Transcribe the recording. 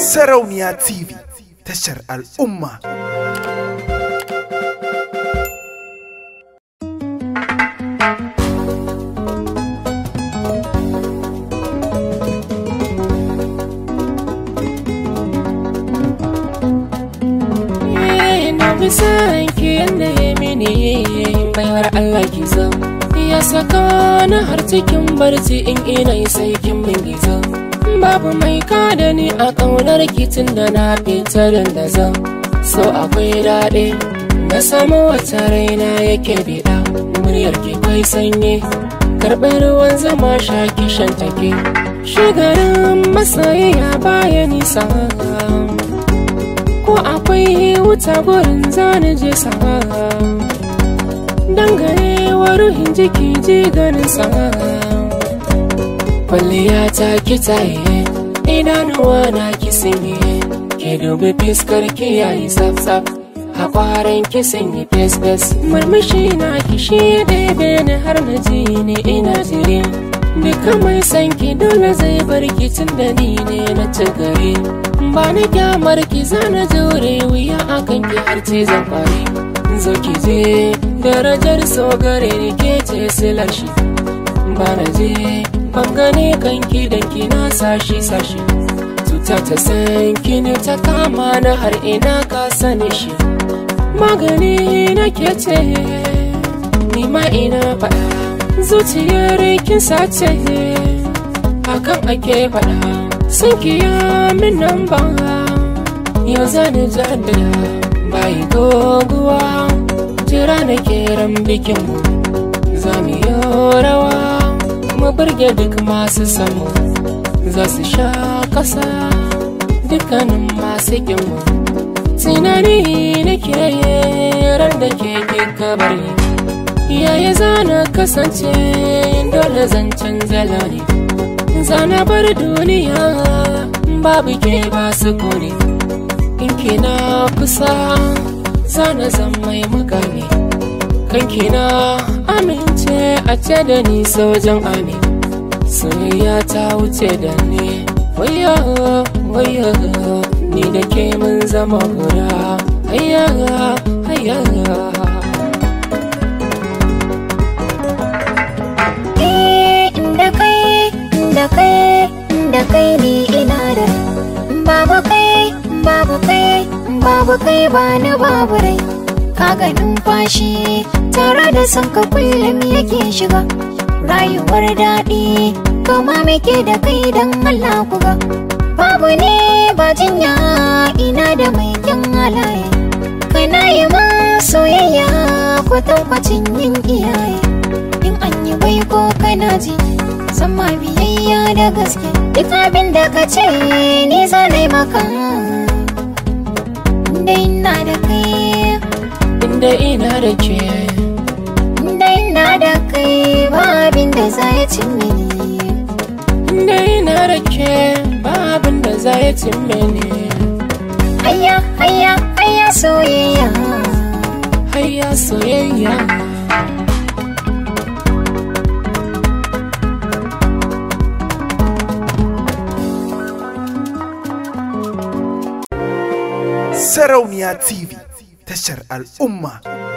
Sarauniya TV tashar al'umma. Bisan eh, ki yanda ya mini baiwar Allah ki ya saka na har cikin barci in ina sai kin min gizan. babu mai kada ni a ƙaunar kitin da na fita da zan so akwai daɗe na samu wata raina yake biɗa muryar ke kai sanye. karɓar ruwan zama sha kishan take shigarin ya baya nisa ko akwai wuta gurin zani je sama dangane wa jiki ji ganin sama kwalliya ta ki tsaye idanuwa na ki sinye ke dubi fiskar ki yayi tsaf tsaf hakwaren ki sinye fes fes murmushi na ki shi daidai har na ji ne ina jiri duka mai san ki dole zai bar ki tun da ni ne na ci gari ba na kyamar ki zana jure wuya kan ki har ce zan fari zo ki je darajar so gare ni ke ce silar shi ba na je bangane kanki danki na sashi sashi tuta ta sanki ne ta kama na har ina ka sani shi magani na ke ce ni ma ina faɗa zuciyar kin sace hakan ake faɗa sun kiya min nan ba yau zani jaddada bayi doguwa jira na kiran bikin mu za mu yi rawa mu burge duk masu samu za su sha kasa dukkanin masu gyanmu tsinani na ke ran da ke kika bari yaya zana kasance dole zancen zalari zana bar duniya babu ke ba su kone in kina kusa zana zan mai mugane kanki na amince a ce da ni sojan ami soyayya ta wuce da ni waya waya ni da ke mun zama guda haya haya eh, da kai da kai da kai ni ina da babu kai babu kai babu kai ba na babu rai kaga numfashi tare da son ka kullum yake shiga rayuwar daɗi kama ke da kai don Allah ku ga babu ne ba jinya ina da mai kyan halaye kana yi ma soyayya tabbacin yin iyaye in an yi bai ko kana ji sama biyayya da gaske duk abin da ka ce ni zanai maka inda ina da kai inda ina da ke kai babin da za ya cimma ni inda ina da ke babin da za ya cimma ni hayya hayya hayya soyayya hayya soyayya Sarauniya TV tashar al'umma.